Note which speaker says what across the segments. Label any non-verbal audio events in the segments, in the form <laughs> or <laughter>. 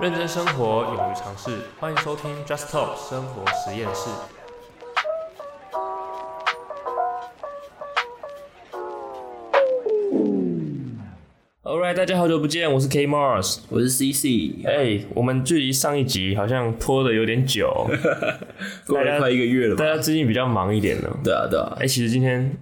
Speaker 1: 認真生活，勇於嘗試，歡迎收聽 Just Talk 生活實驗室。All right，大家好久不見，我是 K Mars，我是 CC。哎吧、欸，我們距離上一集好像拖得有點久， <laughs> 過了快一個月了吧。大大家最近比較忙一點呢？對啊，對啊，對啊。哎，其實今天。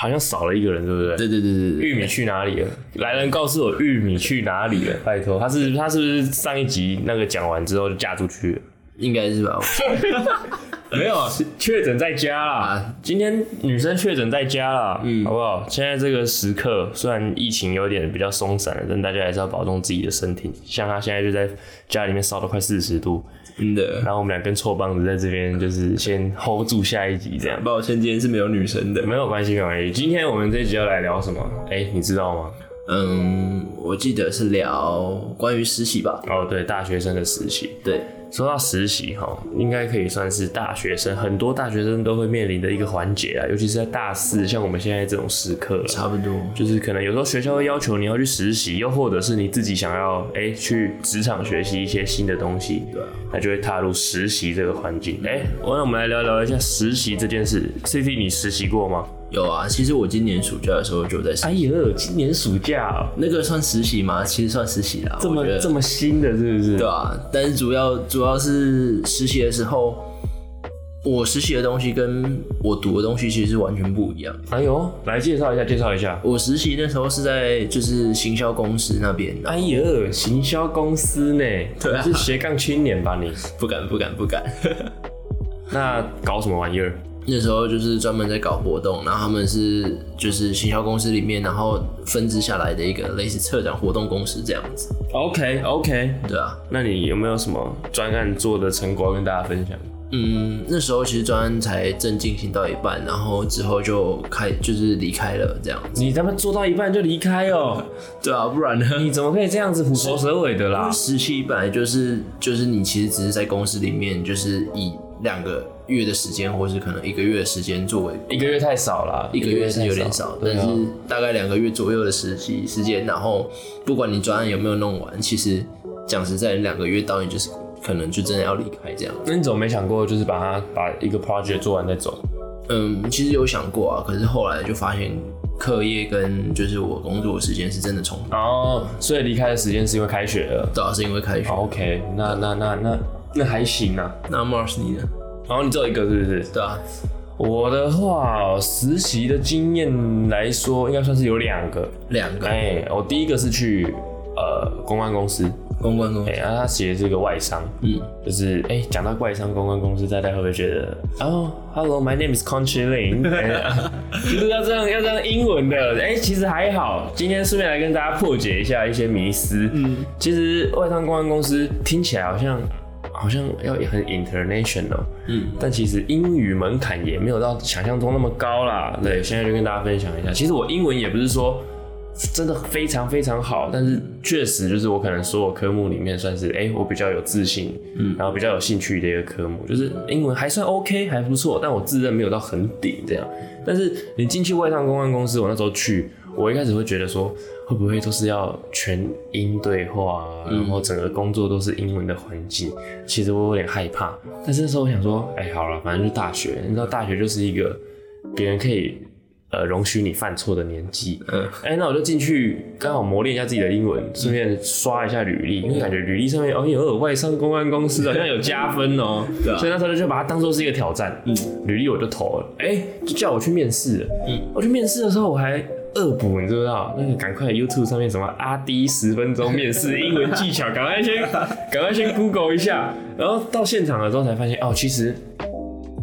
Speaker 1: 好像少了一個人，對不對？對，對對對對，玉米去哪裡了？ <laughs> 來人告訴我，玉米去哪裡了？拜託，他是他是不是上一集那個講完之後就嫁出去了？應該是吧。 <laughs> <laughs> 沒有，確診在家啦、啊、今天女生確診在家啦嗯，好不好？現在這個時刻，雖然疫情有點比較鬆散了，但大家還是要保重自己的身體。像她現在就在家裡面燒了快四十度，嗯，的。然後我們兩根臭棒子在這邊，就是先 hold 住下一集這樣。啊，抱歉，今天是沒有女生的，沒有關係，沒有關係。今天我們這集要來聊什麼？哎，你知道嗎？嗯，我記得是聊關於實習吧。哦，對，大學生的實習，對。說到實習哈，應該可以算是大學生很多大學生都會面臨的一個環節啊，尤其是在大四，像我們現在這種時刻，差不多，就是可能有時候學校會要求你要去實習，又或者是你自己想要哎去職場學習一些新的東西，對吧，那就會踏入實習這個環境。哎、哦，那我們來聊聊一下實習這件事。CT，你實習過嗎？有啊，其實我今年暑假的時候就在。哎呦，今年暑假、喔，那個算實習嗎？其實算實習啦。這麼這麼新的是不是？對啊，但是主要主要是實習的時候，我實習的東西跟我讀的東西其實是完全不一樣。哎呦，來介紹一下介紹一下，一下我實習的時候是在就是行銷公司那邊。哎呦，行銷公司呢？你對、啊、是斜槓青年吧你？你不敢不敢不敢。不敢不敢 <laughs> 那搞什麼玩意兒？那時候就是專門在搞活動，然後他們是就是行銷公司裡面，然後分支下來的一個類似策展活動公司這樣子。OK OK，對啊。那你有沒有什麼專案做的成果要跟大家分享？嗯，那時候其實專案才正進行到一半，然後之後就開就是離開了這樣子。你他們做到一半就離開哦？ <laughs> 對啊，不然呢？你怎麼可以這樣子虎頭蛇尾的啦？實習本來就是就是你其實只是在公司裡面就是以。兩個月的時間，或是可能一個月的時間，作為一個月太少了，一個月是有點少，少啊、但是大概兩個月左右的實習時間，啊、然後不管你專案有沒有弄完，其實講實在，兩個月到底就是可能就真的要離開這樣。那你、嗯、怎麼沒想過就是把它把一個 project 做完再走？嗯，其實有想過啊，可是後來就發現課業跟就是我工作的時間是真的衝突哦，oh, 嗯、所以離開的時間是因為開學了，對、啊、是因為開學了。Oh, OK，那那那那。那那那還行啊，那 Mars 你呢？然後、哦、你只有一個是不是？對啊，我的話實習的經驗來說，應該算是有兩個。兩個。哎，我第一個是去呃公關公司，公關公司，然後、哎啊、他寫的是一個外商，嗯，就是哎講到外商公關公司，大家會不會覺得，哦、oh,，Hello, my name is Conchyling、 <laughs> 哎、就是要這樣要這樣英文的，哎，其實還好，今天順便來跟大家破解一下一些迷思，嗯，其實外商公關公司聽起來好像。好像要很 international，嗯，但其實英語門檻也沒有到想象中那麼高啦。對，現在就跟大家分享一下，其實我英文也不是說真的非常非常好，但是確實就是我可能所有科目裡面算是，哎、欸，我比較有自信，嗯，然後比較有興趣的一個科目，嗯、就是英文還算 OK，還不錯，但我自認沒有到很頂這樣。但是你進去外商公關公司，我那時候去。我一開始會覺得說，會不會都是要全英對話，然後整個工作都是英文的環境？嗯、其實我有點害怕。但是那時候我想說，哎、欸，好了，反正就大學，你知道，大學就是一個別人可以、呃、容許你犯錯的年紀。嗯。哎、欸，那我就進去，剛好磨練一下自己的英文，順便刷一下履歷，因為、嗯、感覺履歷上面哦，有外商公關公司好 <laughs> 像有加分哦。對所以那時候就把它當作是一個挑戰。嗯、履歷我就投了，哎、欸，就叫我去面試了。嗯。我去面試的時候，我還。惡補，二你知不知道？那個趕快 YouTube 上面什麼阿 D 十分鐘面試英文技巧，趕 <laughs> 快先趕快先 Google 一下，然後到現場了之後才發現哦，其實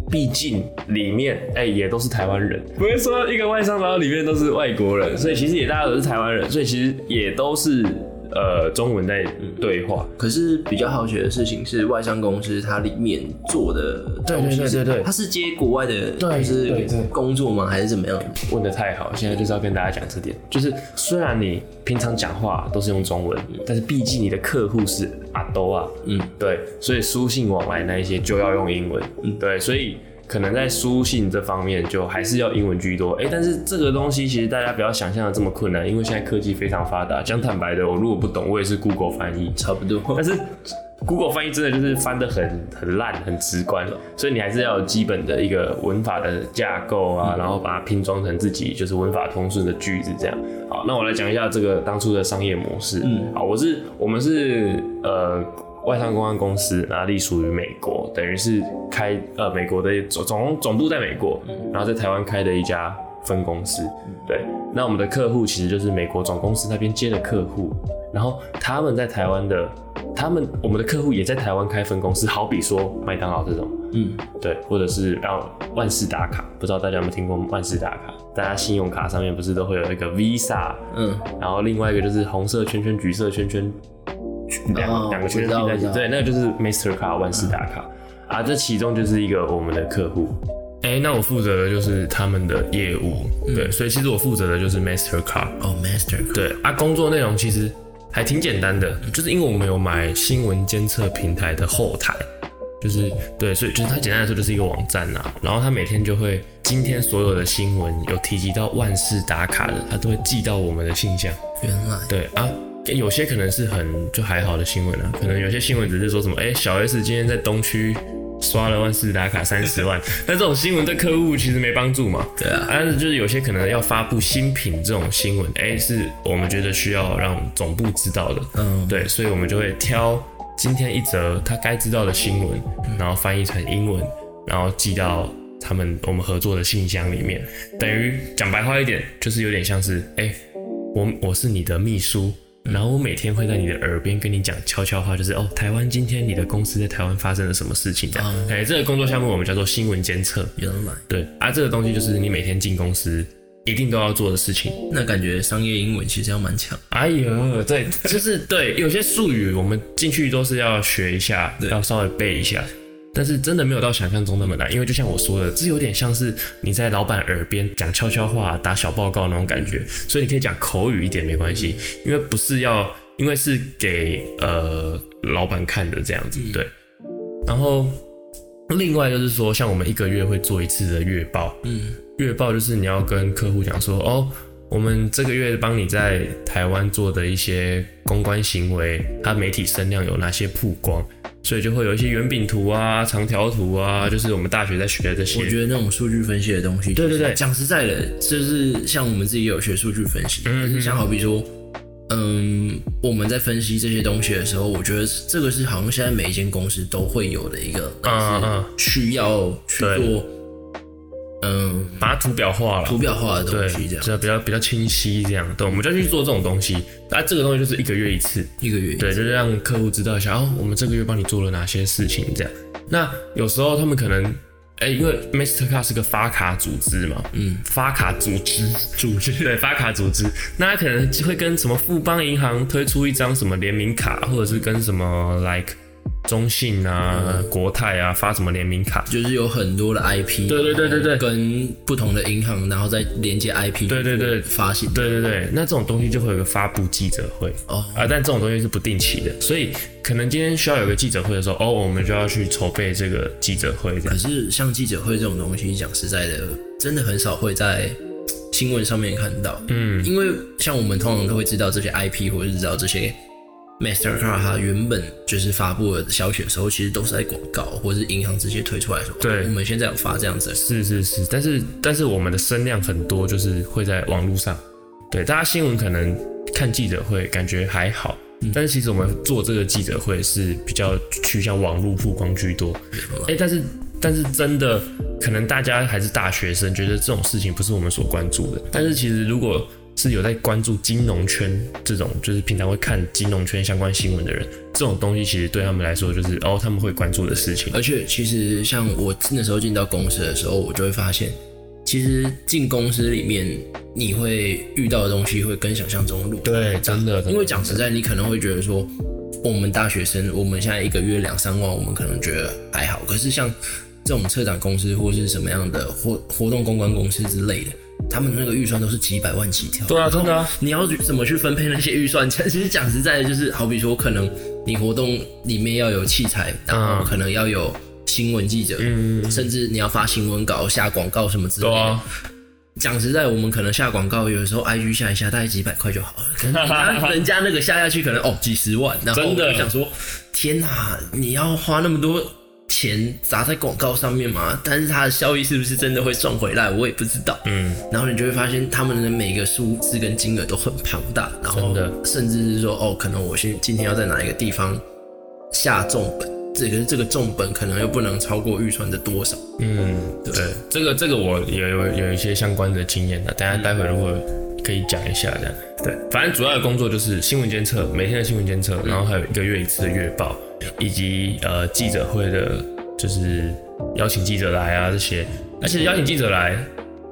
Speaker 1: 畢竟裡面哎、欸、也都是台灣人，不會說一個外商然後裡面都是外國人，所以其實也大家都是台灣人，所以其實也都是，呃，中文在對話，可是比較好學的事情是外商公司它裡面做的東西對,對,對,對,對。它是接國外的，就是工作嗎，對對對還是怎麼樣？問得太好，現在就是要跟大家講這點，嗯、就是雖然你平常講話都是用中文，嗯、但是畢竟你的客戶是阿都啊，嗯，對，所以書信往來那一些就要用英文，嗯，對，所以。可能在書信這方面就還是要英文居多，哎、欸，但是這個東西其實大家不要想象的這麼困難，因為現在科技非常發達。講坦白的，我如果不懂，我也是 Google 翻譯，差不多。但是 Google 翻譯真的就是翻得很很爛，很直觀，所以你還是要有基本的一個文法的架構啊，然後把它拼裝成自己就是文法通順的句子這樣。好，那我來講一下這個當初的商業模式。嗯，好，我是我們是呃。外商公關公司，然後隸屬於美國，等於是開呃，美國的總總部在美國，然後在台灣開的一家分公司。對，那我們的客戶其實就是美國總公司那邊接的客戶，然後他們在台灣的，他們我們的客戶也在台灣開分公司，好比說麥當勞這種，嗯，對，或者是讓萬事達卡，不知道大家有沒有聽過萬事達卡？大家信用卡上面不是都會有那個 Visa，嗯，然後另外一個就是紅色圈圈、橘色圈圈。兩個、哦、兩個圈並台對，那個、就是 MasterCard 萬事打卡、嗯、啊，這其中就是一個我們的客戶，哎，那我負責的就是他們的業務，嗯、對，所以其實我負責的就是 MasterCard，哦 MasterCard，對啊，工作內容其實還挺簡單的，就是因為我們有買新聞監測平台的後台，就是對，所以就是它簡單來說就是一個網站吶、啊，然後它每天就會今天所有的新聞有提及到萬事打卡的，它都會寄到我們的信箱，原來，對啊。有些可能是很就還好的新聞啊，可能有些新聞只是說什麼，哎、欸，小 S 今天在東區刷了萬事達卡三十萬，但這種新聞對客戶其實沒幫助嘛。對啊，但是、啊、就是有些可能要發布新品這種新聞，哎、欸，是我們覺得需要讓總部知道的。嗯，oh. 對，所以我們就會挑今天一則他該知道的新聞，然後翻譯成英文，然後寄到他們我們合作的信箱裡面。等於講白話一點，就是有點像是，哎、欸，我我是你的秘書。然後我每天會在你的耳邊跟你講悄悄話，就是哦，台灣今天你的公司在台灣發生了什麼事情的、啊。OK，、uh, 這個工作項目我們叫做新聞監測，人買來對，啊，這個東西就是你每天進公司一定都要做的事情。那感覺商業英文其實要蠻強。哎呦，對， <laughs> 就是對，有些術語我們進去都是要學一下，對要稍微背一下。但是真的沒有到想象中那麼難，因為就像我說的，這有點像是你在老闆耳邊講悄悄話、打小報告那種感覺，所以你可以講口語一點沒關係，嗯、因為不是要，因為是給呃老闆看的這樣子，對。然後另外就是說，像我們一個月會做一次的月報，嗯，月報就是你要跟客戶講說，哦，我們這個月幫你在台灣做的一些公關行為，它媒體聲量有哪些曝光。所以就會有一些圓餅圖啊、長條圖啊，嗯、就是我們大學在學的這些。我覺得那種數據分析的東西，對對對，講實在的，就是像我們自己有學數據分析，嗯、像好比說，嗯，嗯，我們在分析這些東西的時候，我覺得這個是好像現在每一間公司都會有的一個，嗯嗯，需要去做、嗯。嗯嗯，把它圖表化了，圖表化的東西這樣，對，就比較比較清晰這樣。對，我們就去做這種東西。那、嗯、這個東西就是一個月一次，一個月一次，對，就是讓客戶知道一下哦，我們這個月幫你做了哪些事情這樣。嗯、那有時候他們可能，哎、欸，因為 Mastercard 是個發卡組織嘛，嗯，發卡組織， <laughs> 組織，對，發卡組織。那他可能就會跟什麼富邦銀行推出一張什麼聯名卡，或者是跟什麼 like。中信啊，嗯、國泰啊，發什麼聯名卡？就是有很多的 IP，對對對對對，跟不同的銀行，然後再連接 IP，對，對對對，發行、那個，對對對。那這種東西就會有個發布記者會，哦、嗯，啊，但這種東西是不定期的，嗯、所以可能今天需要有個記者會的時候，對哦，我們就要去籌備這個記者會。可是像記者會這種東西，講實在的，真的很少會在新聞上面看到，嗯，因為像我們通常都會知道這些 IP，或者是知道這些。Mastercard 它，原本就是發布的消息的時候，其實都是在廣告或者是銀行直接推出來的。對、哦，我們現在有發這樣子。是是是，但是但是我們的聲量很多，就是會在網絡上。嗯、對，大家新聞可能看記者會感覺還好，嗯、但是其實我們做這個記者會是比較趨向網絡曝光居多。誒、欸，但是但是真的可能大家還是大學生，覺得這種事情不是我們所關注的。嗯、但是其實如果。是有在關注金融圈這種，就是平常會看金融圈相關新聞的人，這種東西其實對他們來說就是哦他們會關注的事情。而且其實像我那時候進到公司的時候，我就會發現，其實進公司裡面你會遇到的東西會跟想象中路。對，真的。真的，因為講實在，你可能會覺得說我們大學生，我們現在一個月兩三萬，我們可能覺得還好。可是像這種策展公司或是什麼樣的活活動公關公司之類的，他們那個預算都是幾百萬起跳。對啊，真的啊！你要怎麼去分配那些預算？其實講實在的，就是好比說，可能你活動裡面要有器材，然後可能要有新聞記者，啊嗯、甚至你要發新聞稿、下廣告什麼之類的。講、啊、實在，我們可能下廣告，有的時候 IG 下一下，大概幾百塊就好了。可能人家那個下下去，可能哦幾十萬。然後真的，想說天哪、啊，你要花那麼多錢砸在廣告上面嘛，但是它的效益是不是真的會賺回來，我也不知道。嗯，然後你就會發現他們的每一個數字跟金額都很龐大，然後甚至是說，哦，可能我先今天要在哪一個地方下重本，這個這個重本可能又不能超過預算的多少。嗯，對，這個，這個這個我有有一些相關的經驗的，啊，大家待會如果。可以講一下，這樣對，反正主要的工作就是新聞監測，每天的新聞監測，嗯、然後還有一個月一次的月報，以及呃記者會的，就是邀請記者來啊這些，而且邀請記者來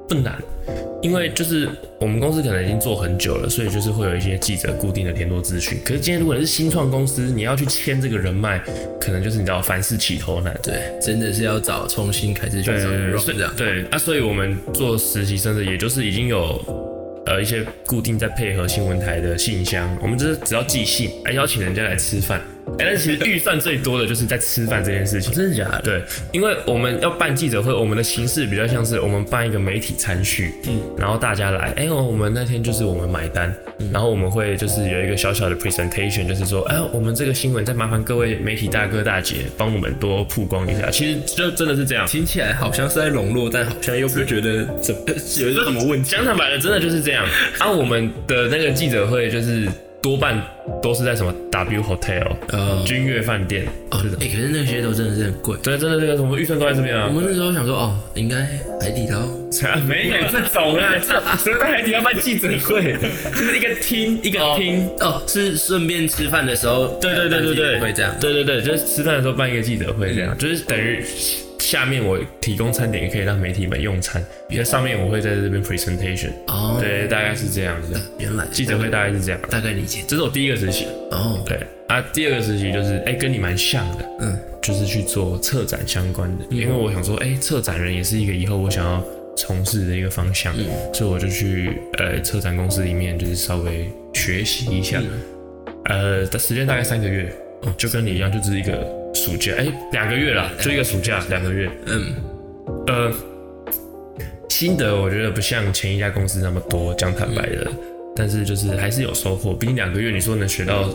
Speaker 1: 不難，嗯、因為就是我們公司可能已經做很久了，所以就是會有一些記者固定的聯絡資訊。可是今天如果你是新創公司，你要去簽這個人脈，可能就是你知道凡事起頭難，對，真的是要找重新開始去找人。人。是這樣。對啊，所以我們做實習生的，也就是已經有，呃，一些固定在配合新聞台的信箱，我們就是只要寄信，還邀請人家來吃飯。哎，但、欸、其實預算最多的就是在吃飯這件事情。哦，真的假的？對，因為我們要辦記者會，我們的形式比較像是我們辦一個媒體餐敘，嗯、然後大家來，哎、欸，我們那天就是我們買單，嗯、然後我們會就是有一個小小的 presentation，就是說，哎、欸，我們這個新聞再麻煩各位媒體大哥大姐幫我們多曝光一下，嗯、其實就真的是這樣，聽起來好像是在籠絡，但好像又不覺得怎麼有一個什麼問題。講坦白了真的就是這樣，啊，我們的那個記者會就是。多半都是在什麼 W Hotel 呃，君悅飯店哦，是的，哎，可是那些都真的是很貴，對，真的是，那個什麼預算都在這邊啊。我們那時候想說哦，應該海底撈，沒有，這走了，這所以在海底撈辦記者會，就是一個廳，一個廳哦，是順便吃飯的時候，對對對對對，會這樣，對對對，就是吃飯的時候辦一個記者會這樣，就是等於。下面我提供餐點，也可以讓媒體們用餐。比如上面我會在這邊 presentation。哦。對，大概是這樣子。原來。記者會大概是這樣的。大概，大概理解。這是我第一個實習。哦。Oh. 對。啊，第二個實習就是，哎、欸，跟你蠻像的。嗯。就是去做策展相關的，嗯、因為我想說，哎、欸，策展人也是一個以後我想要從事的一個方向，嗯、所以我就去呃策展公司裡面，就是稍微學習一下。Okay. 呃，時間大概三個月。哦，就跟你一樣，就是一個暑假，哎，兩、欸、個月啦，就一個暑假，兩、嗯、個月。嗯，呃，心得我覺得不像前一家公司那麼多，講坦白的，嗯、但是就是還是有收穫。畢竟兩個月，你說能學到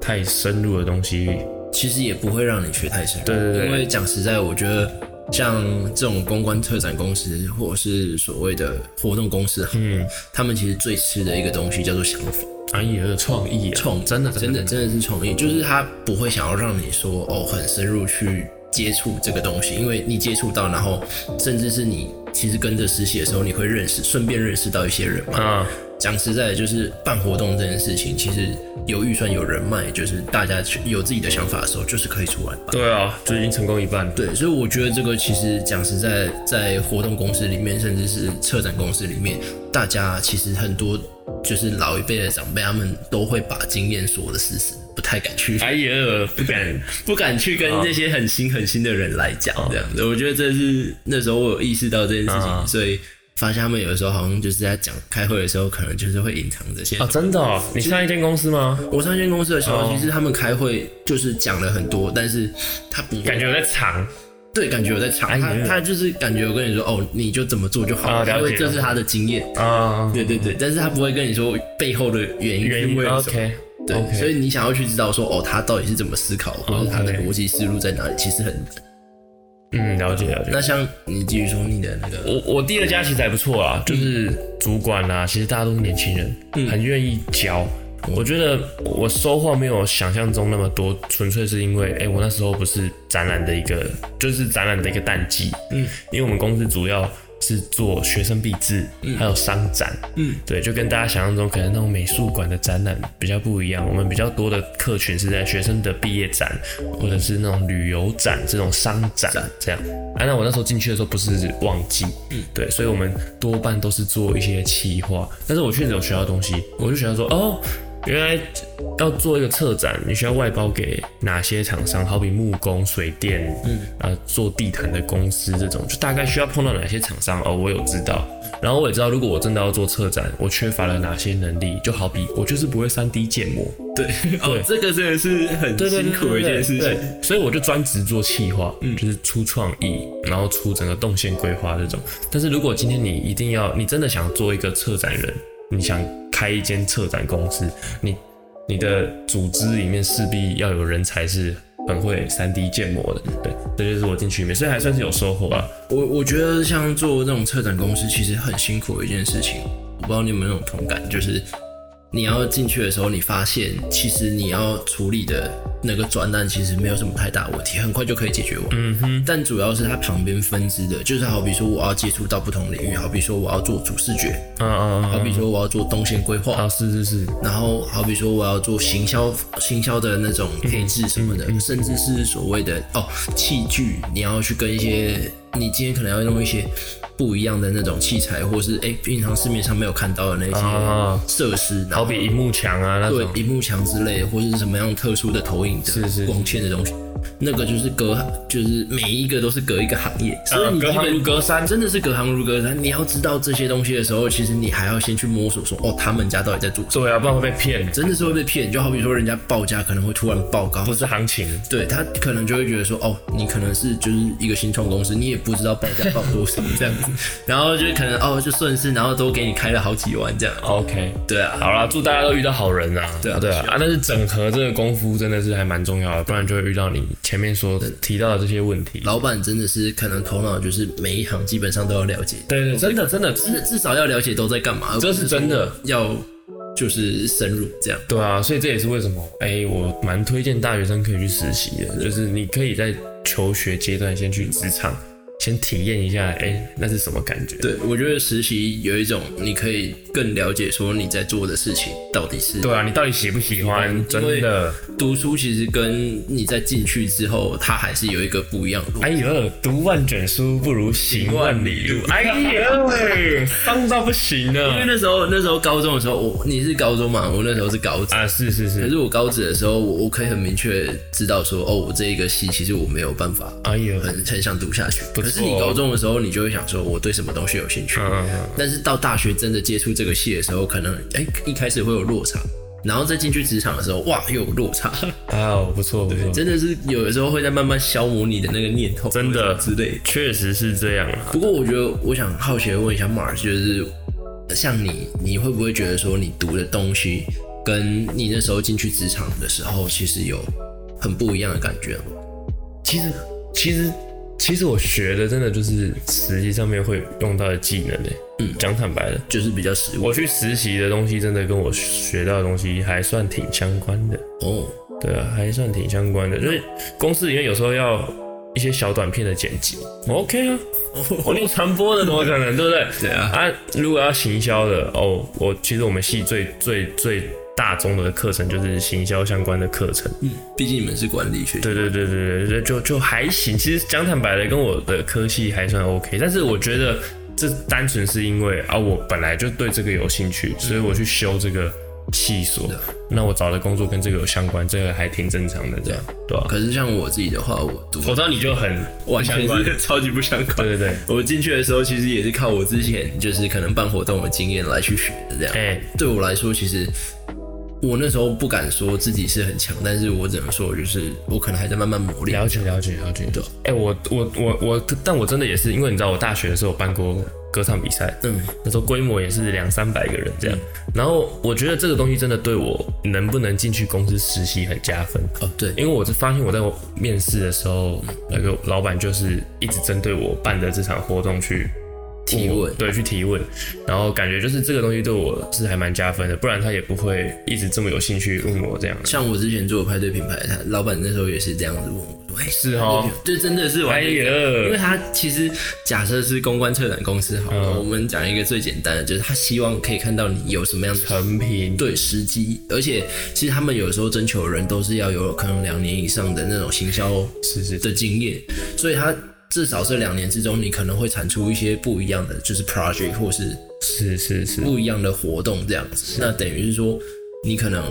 Speaker 1: 太深入的東西，嗯、其實也不會讓你學太深。對對對，因為講實在，我覺得。像這種公關特展公司，或者是所謂的活動公司，嗯，他們其實最吃的一個東西叫做想法，啊，也有創意、啊，創，真的真的真的是創意，嗯，就是他不會想要讓你說哦，很深入去接觸這個東西，因為你接觸到，然後甚至是你其實跟着實習的時候，你會認識，順便認識到一些人嘛，啊。講實在的，就是辦活動這件事情，其實有預算、有人脈，就是大家有自己的想法的時候，就是可以出來辦。對啊，就已經成功一半。對，所以我覺得這個其實講實在，在活動公司裡面，甚至是策展公司裡面，大家其實很多就是老一輩的長輩，他們都會把經驗說的死死，不太敢去。哎呀，不敢， <laughs> 不敢去跟那些很新很新的人來講這樣子。哦、我覺得這是那時候我有意識到這件事情，啊、哈所以。發現他們有的時候好像就是在講開會的時候，可能就是會隱藏這些啊！真的？你去上一間公司嗎？我上一間公司的時候，其實他們開會就是講了很多，但是他不感覺我在藏，
Speaker 2: 對，感覺我在藏。他他
Speaker 1: 就是感覺我跟你說哦，你就怎麼做就好了，因為這是他的經驗啊。對對對，但是他不會跟你說背後的原因，因 okay 對，所以你想要去知道說哦，他到底是怎麼思考，或者他的邏輯思路在哪裡，其實很。嗯，了解了解。那像你繼續說你的那個，嗯、我我第二家其實還不錯啦，啊，嗯、就是主管啊，其實大家都是年輕人，嗯、很願意教。嗯、我覺得我收穫沒有想象中那麼多，純粹是因為，哎、欸，我那時候不是展覽的一個，就是展覽的一個淡季。嗯，因為我們公司主要。是做學生畢製，還有商展，嗯，嗯對，就跟大家想象中可能那種美術館的展覽比較不一樣。我們比較多的客群是在學生的畢業展，或者是那種旅遊展這種商展這樣。啊，那我那時候進去的時候不是旺季，嗯，對，所以我們多半都是做一些企劃。但是我確實有學到東西，我就學到說哦。原來要做一個策展，你需要外包給哪些廠商？好比木工、水電，嗯，呃，做地毯的公司這種，就大概需要碰到哪些廠商？哦，我有知道。然後我也知道，如果我真的要做策展，我缺乏了哪些能力？就好比我就是不會三 D 建模。對，對哦，這個真的是很辛苦一件事情。對，對，對，對，所以我就專職做企劃，就是出創意，嗯，然後出整個動線規劃這種。但是如果今天你一定要，你真的想做一個策展人，你想。開一間策展公司，你你的組織裡面勢必要有人才是很會 3D 建模的。對，這就是我進去裡面所以還算是有收穫吧、啊。我我覺得像做這種策展公司，其實很辛苦的一件事情。我不知道你有沒有那種同感，就是。你要進去的時候，你發現其實你要處理的那個專案其實沒有什麼太大問題，很快就可以解決完。嗯哼。但主要是它旁邊分支的，就是好比說我要接觸到不同領域，好比說我要做主視覺，嗯嗯嗯，好比說我要做動線規劃，啊是是是。然後好比說我要做行銷，行銷的那種配置什麼的，嗯、哼甚至是所謂的哦器具，你要去跟一些你今天可能要弄一些。不一樣的那種器材，或是哎、欸、平常市面上沒有看到的那些設施，好比螢幕牆啊，那種對，螢幕牆之類，或者是什麼樣特殊的投影的是是是光線的東西。那個就是隔行，就是每一個都是隔一個行業，所以隔行如隔山，真的是隔行如隔山。隔隔山，你要知道這些東西的時候，其實你還要先去摸索說，說哦，他們家到底在做什麼？對啊，不然會被騙，真的是會被騙。就好比說，人家報價可能會突然報高，或者是行情，對他可能就會覺得說，哦，你可能是就是一個新創公司，你也不知道報價報多少這樣子， <laughs> 然後就可能哦，就順勢，然後都給你開了好幾萬這樣。OK，對啊，好了，祝大家都遇到好人啊。對啊，對啊，對啊，啊，但是整合這個功夫真的是還蠻重要的，不然就會遇到你。前面說對提到的這些問題，老闆真的是可能頭腦就是每一行基本上都要了解。對，對對，真的真的至至少要了解都在幹嘛，這是，是這是真的要就是深入這樣，對啊，所以這也是為什麼哎、欸，我蠻推薦大學生可以去實習的，是就是你可以在求學階段先去職場。嗯先體驗一下，哎、欸，那是什麼感覺？對，我覺得實習有一種，你可以更了解說你在做的事情到底是對啊，你到底喜不喜歡？喜歡，真的，讀書其實跟你在進去之後，它還是有一個不一樣。哎呦，讀萬卷書不如行萬里路。哎呦喂，傷、 <laughs> 欸、到不行了。因為那時候，那時候高中的時候，我你是高中嘛，我那時候是高職啊，是是是。可是我高職的時候，我我可以很明確知道說，哦，我這一個系其實我沒有辦法，哎呦，很很想讀下去，不是。是你高中的時候，你就會想說我對什麼東西有興趣，但是到大學真的接觸這個系的時候，可能哎、欸、一開始會有落差，然後再進去職場的時候，哇又有落差。還好不錯，不錯，對，真的是有的時候會在慢慢消磨你的那個念頭，真的之類，確實是這樣啊。不過我覺得，我想好奇的問一下 Mars，就是像你，你會不會覺得說你讀的東西跟你那時候進去職場的時候，其實有很不一樣的感覺？其實，其實。其實我學的真的就是實習上面會用到的技能嘞，嗯，講坦白的，就是比較實。我去實習的東西真的跟我學到的東西還算挺相關的哦，對啊，還算挺相關的。就是公司裡面有時候要一些小短片的剪輯，OK 啊，我念傳播的怎麼可能 <laughs> 對不對？對啊，啊，如果要行銷的哦，我其實我們系最最最。最最大宗的課程就是行銷相關的課程，嗯，畢竟你們是管理學，對對對對對，就就還行。其實講坦白的，跟我的科系還算 OK，但是我覺得這單純是因為啊，我本來就對這個有興趣，所以我去修這個系所，嗯、那我找的工作跟這個有相關，這個還挺正常的，這樣對吧？對啊、可是像我自己的話，我讀我知道你就很相關，完全是超級不相關，對對對，我進去的時候其實也是靠我之前就是可能辦活動的經驗來去學的這樣，哎、欸，對我來說其實。我那時候不敢說自己是很強，但是我只能說，就是我可能還在慢慢磨練。了解，了解，了解。對。哎、欸，我我我我，但我真的也是，因為你知道，我大學的時候辦過歌唱比賽，嗯，那時候規模也是兩三百個人這樣。嗯、然後我覺得這個東西真的對我能不能進去公司實習很加分哦。對，因為我是發現我在我面試的時候，嗯、那個老闆就是一直針對我辦的這場活動去提問、嗯、對，去提問，啊、然後感覺就是這個東西對我是還蠻加分的，不然他也不會一直這麼有興趣問我、嗯哦、這樣。像我之前做派對品牌，他老板那時候也是這樣子問我說：“是哦，這真的是完呀，哎、呦因為他其實假設是公關策展公司，好了，嗯、我們講一個最簡單的，就是他希望可以看到你有什麼樣的成品，對時機，品而且其實他們有時候徵求人都是要有可能兩年以上的那種行銷是是的經驗，是是所以他，至少這兩年之中，你可能會產出一些不一樣的，就是 project 或是，是是是是不一樣的活動這樣子。是是那等於是說，你可能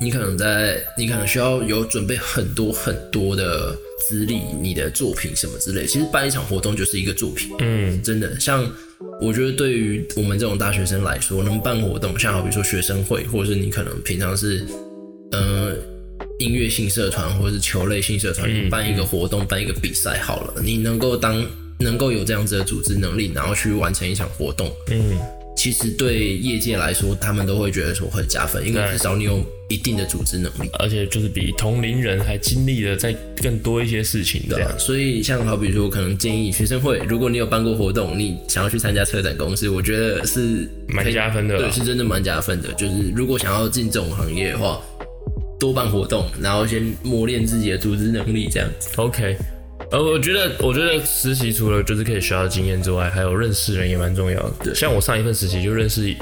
Speaker 1: 你可能在你可能需要有準備很多很多的資歷，你的作品什麼之類。其實辦一場活動就是一個作品。嗯，真的，像我覺得對於我們這種大學生來說，能辦活動，像好比說學生會，或者是你可能平常是、呃、嗯。音樂性社團或者是球類性社團，嗯、你辦一個活動，辦一個比賽，好了，你能夠當，能夠有這樣子的組織能力，然後去完成一場活動，嗯，其實對業界來說，他們都會覺得說會加分，因為至少你有一定的組織能力，而且就是比同齡人還經歷了再更多一些事情的，所以像好比如說，我可能建議學生會，如果你有辦過活動，你想要去參加策展公司，我覺得是蠻加分的，對，是真的蠻加分的，就是如果想要進這種行業的話。多辦活動，然後先磨練自己的組織能力，這樣子。OK，呃，我覺得，我覺得實習除了就是可以學到經驗之外，還有認識人也蠻重要的。對像我上一份實習就認識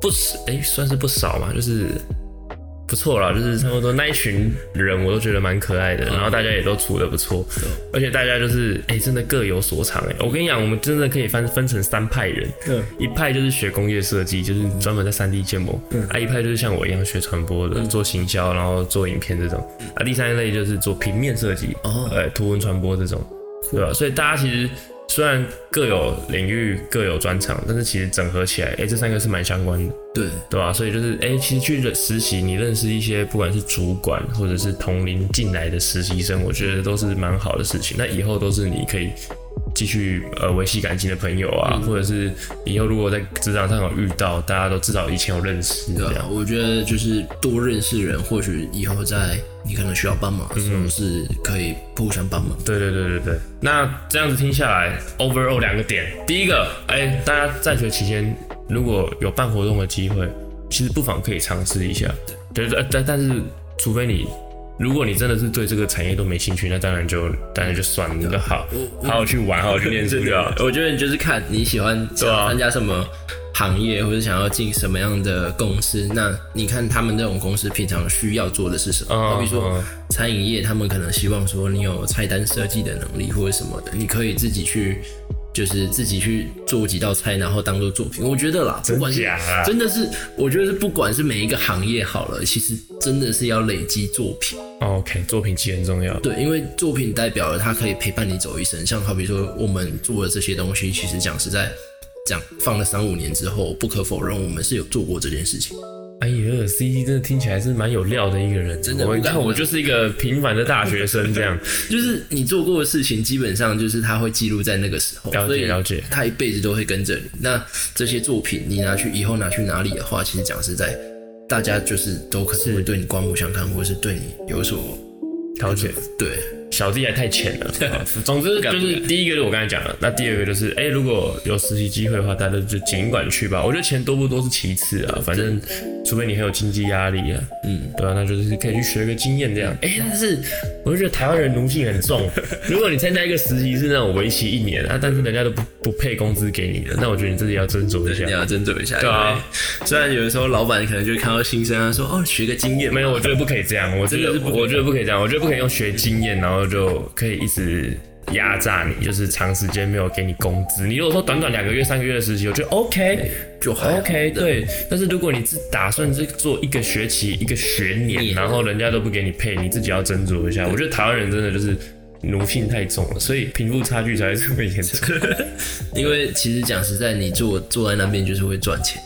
Speaker 1: 不，哎、欸，算是不少嘛，就是。不錯啦，就是差不多那一群人，我都覺得蠻可愛的，嗯、然後大家也都處得不錯，嗯、對，而且大家就是哎、欸，真的各有所長哎、欸。我跟你講，我們真的可以分分成三派人，嗯、一派就是學工業設計，就是專門在三 D 建模，嗯、啊，一派就是像我一樣學傳播的，做行銷，嗯、然後做影片這種，啊，第三類就是做平面設計，呃、哦，圖文傳播這種，酷對吧？所以大家其實。雖然各有領域、各有專長，但是其實整合起來，哎，這三個是蠻相關的，對對吧？所以就是，哎，其實去實習，你認識一些不管是主管或者是同齡進來的實習生，我覺得都是蠻好的事情。那以後都是你可以。繼續呃維繫感情的朋友啊，嗯、或者是以後如果在職場上有遇到，大家都知道以前有認識的，嗯、樣我覺得就是多認識人，或許以後在你可能需要幫忙的時候是可以互相幫忙。對，對對對對對。那這樣子聽下來，overall 兩個點，第一個，哎對，大家在學期間對如果有辦活動的機會，其實不妨可以嘗試一下。對對，但但是除非你。如果你真的是對這個產業都沒興趣，那當然就當然就算了，就好，好好去玩，好好去練就好。嗯、我覺得你就是看你喜歡想參加什麼行業，啊、或者想要進什麼樣的公司。那你看他們這種公司平常需要做的是什麼？比、嗯、如說餐飲業，他們可能希望說你有菜單設計的能力或者什麼的，你可以自己去。就是自己去做幾道菜，然後當做作，作品。我覺得啦，不管是真假啊，真的是，我覺得不管是每一個行業好了，其實真的是要累積作品。OK，作品其實很重要。對，因為作品代表了它可以陪伴你走一生。像好比說我們做的這些東西，其實講實在，講放了三五年之後，不可否認我們是有做過這件事情。哎呀，C D 真的聽起來是蠻有料的一個人，真的。但我，我就是一個平凡的大學生，這樣。 <laughs> 就是你做過的事情，基本上就是他會記錄在那個時候，了解了解。了解，他一輩子都會跟着你。那這些作品，你拿去以後拿去哪裡的話，其實講實在大家就是都可能會對你刮目相看，是或者是對你有所了解。對。小弟還太淺了，對是吧總之就是第一個就我剛才講的， <laughs> 那第二個就是哎、欸，如果有實習機會的話，大家就盡管去吧。我覺得錢多不多是其次啊，反正除非你很有經濟壓力啊，嗯，對啊，那就是可以去學個經驗這樣。哎、嗯欸，但是我就覺得台灣人奴性很重， <laughs> 如果你參加一個實習是那種為期一年啊，但是人家都不不配工資給你的，那我覺得你自己要斟酌一下，對你要斟酌一下。對、啊、對雖然有的時候老板可能就看到新生啊說哦學個經驗，沒有，我覺得不可以這樣，我 <laughs> 真的我覺，我覺得不可以這樣，我覺得不可以用學經驗然後。然後就可以一直壓榨你，就是長時間沒有給你工資。你如果說短短兩個月、三個月的時期，我覺得 OK 就 OK、欸、就好好好對，但是如果你只打算是做一個學期、一個學年，然後人家都不給你 pay，你自己要斟酌一下。我覺得台灣人真的就是奴性太重了，所以貧富差距才會這麼嚴重。因為其實講實在，你坐坐在那邊就是會賺錢。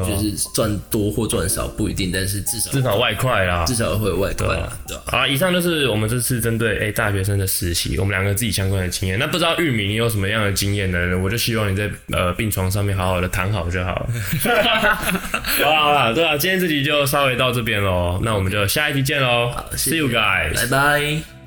Speaker 1: 啊、就是賺多或賺少不一定，但是至少至少外快啦，至少會有外快啦，對、啊對啊，好，以上就是我們這次針對誒大學生的實習，我們兩個自己相關的經驗。那不知道玉米你有什麼樣的經驗呢？我就希望你在呃病床上面好好的躺好就好了。 <laughs> <laughs> 好了，對啦、啊，今天這集就稍微到這邊嘍， <laughs> 那我們就下一集見嘍好，See you guys，拜拜。